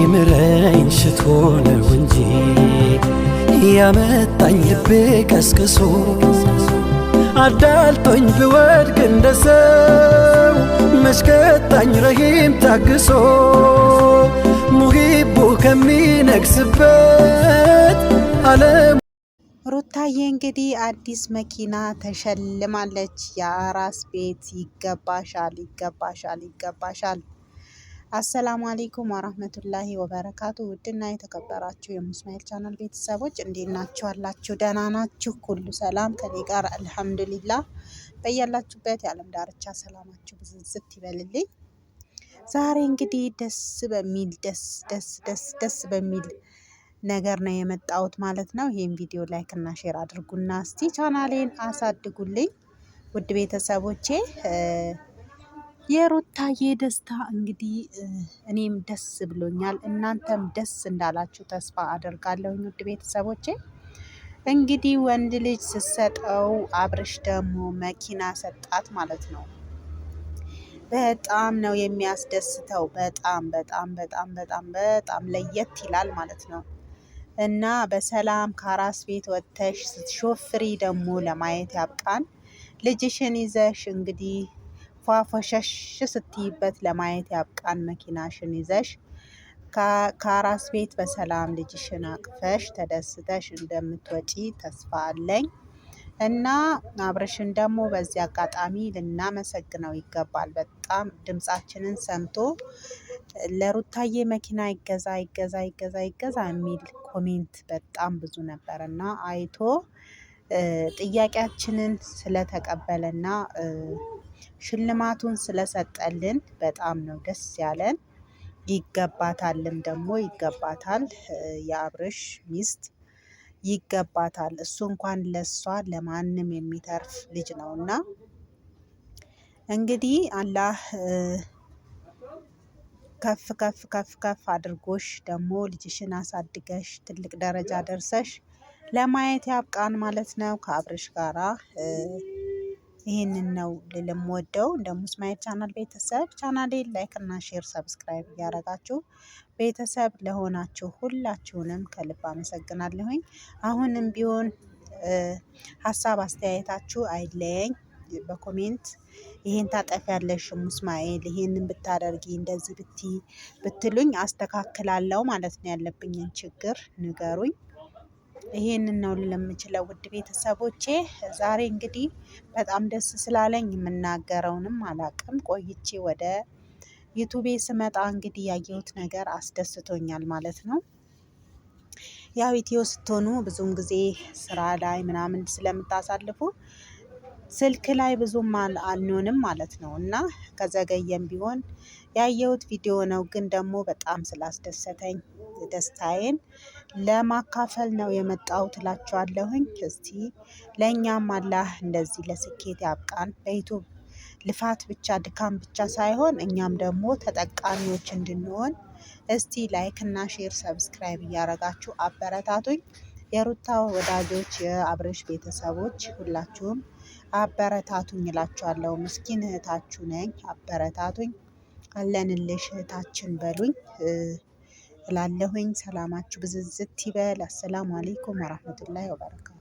ሊምረኝ ሽቶ ነው እንጂ ያመጣኝ ልቤ ቀስቅሶ አዳልጦኝ ብወድቅ እንደ ሰው መሽከጣኝ ረሂም ታግሶ ሙሂቡ ከሚነግስበት ዓለም ሩታዬ እንግዲህ አዲስ መኪና ተሸልማለች። የአራስ ቤት ይገባሻል፣ ይገባሻል፣ ይገባሻል አሰላሙ አሌይኩም ወራህመቱላሂ ወበረካቱ። ውድና የተከበራችሁ የሙስማኤል ቻናል ቤተሰቦች እንዴት ናችሁ? አላችሁ ደህና ናችሁ? ሁሉ ሰላም ከኔ ጋር አልሐምዱሊላ። በያላችሁበት የዓለም ዳርቻ ሰላማችሁ ብዝዝት ይበልልኝ። ዛሬ እንግዲህ ደስ በሚል ደስ ደስ ደስ ደስ በሚል ነገር ነው የመጣሁት ማለት ነው። ይህም ቪዲዮ ላይክ እና ሼር አድርጉና እስቲ ቻናሌን አሳድጉልኝ ውድ ቤተሰቦቼ የሩታዬ ደስታ እንግዲህ እኔም ደስ ብሎኛል፣ እናንተም ደስ እንዳላችሁ ተስፋ አደርጋለሁ። ውድ ቤተሰቦቼ እንግዲህ ወንድ ልጅ ስትሰጠው አብርሽ ደግሞ መኪና ሰጣት ማለት ነው። በጣም ነው የሚያስደስተው። በጣም በጣም በጣም በጣም በጣም ለየት ይላል ማለት ነው። እና በሰላም ከአራስ ቤት ወጥተሽ ስትሾፍሪ ደግሞ ለማየት ያብቃን። ልጅሽን ይዘሽ እንግዲህ ፏፈሸሽ ስትይበት ለማየት ያብቃን። መኪናሽን ይዘሽ ከአራስ ቤት በሰላም ልጅሽን አቅፈሽ ተደስተሽ እንደምትወጪ ተስፋ አለኝ እና አብርሽን ደግሞ በዚህ አጋጣሚ ልናመሰግነው ይገባል። በጣም ድምጻችንን ሰምቶ ለሩታዬ መኪና ይገዛ ይገዛ ይገዛ ይገዛ የሚል ኮሜንት በጣም ብዙ ነበር እና አይቶ ጥያቄያችንን ስለተቀበለና ሽልማቱን ስለሰጠልን በጣም ነው ደስ ያለን። ይገባታልም ደግሞ ይገባታል። የአብርሽ ሚስት ይገባታል። እሱ እንኳን ለሷ ለማንም የሚተርፍ ልጅ ነውና እንግዲህ አላህ ከፍ ከፍ ከፍ ከፍ አድርጎሽ ደግሞ ልጅሽን አሳድገሽ ትልቅ ደረጃ ደርሰሽ ለማየት ያብቃን ማለት ነው ከአብርሽ ጋራ ይህንን ነው ልምወደው። እንደ ሙስማኤል ቻናል ቤተሰብ ቻናሌን ላይክ እና ሼር ሰብስክራይብ እያደረጋችሁ ቤተሰብ ለሆናችሁ ሁላችሁንም ከልብ አመሰግናለሁኝ። አሁንም ቢሆን ሀሳብ አስተያየታችሁ አይለየኝ። በኮሜንት ይሄን ታጠፊያለሽ ሙስማኤል፣ ይሄንን ብታደርጊ እንደዚህ ብትሉኝ አስተካክላለሁ ማለት ነው። ያለብኝን ችግር ንገሩኝ። ይሄንን ነው ለምችለው ውድ ቤተሰቦቼ። ዛሬ እንግዲህ በጣም ደስ ስላለኝ የምናገረውንም አላቅም። ቆይቼ ወደ ዩቱቤ ስመጣ እንግዲህ ያየሁት ነገር አስደስቶኛል ማለት ነው። ያው ኢትዮ ስትሆኑ ብዙም ጊዜ ስራ ላይ ምናምን ስለምታሳልፉ ስልክ ላይ ብዙም አንሆንም ማለት ነው እና ከዘገየም ቢሆን ያየሁት ቪዲዮ ነው። ግን ደግሞ በጣም ስላስደሰተኝ ደስታዬን ለማካፈል ነው የመጣው እላችኋለሁኝ። እስቲ ለእኛም አላህ እንደዚህ ለስኬት ያብቃን። በዩቱብ ልፋት ብቻ ድካም ብቻ ሳይሆን እኛም ደግሞ ተጠቃሚዎች እንድንሆን እስቲ ላይክ እና ሼር ሰብስክራይብ እያረጋችሁ አበረታቱኝ። የሩታ ወዳጆች፣ የአብረሽ ቤተሰቦች ሁላችሁም አበረታቱኝ እላችኋለሁ። ምስኪን እህታችሁ ነኝ፣ አበረታቱኝ፣ አለንልሽ እህታችን በሉኝ እላለሁኝ። ሰላማችሁ ብዝዝት ይበል። አሰላሙ አሌይኩም ወራህመቱላሂ ወበረካቱ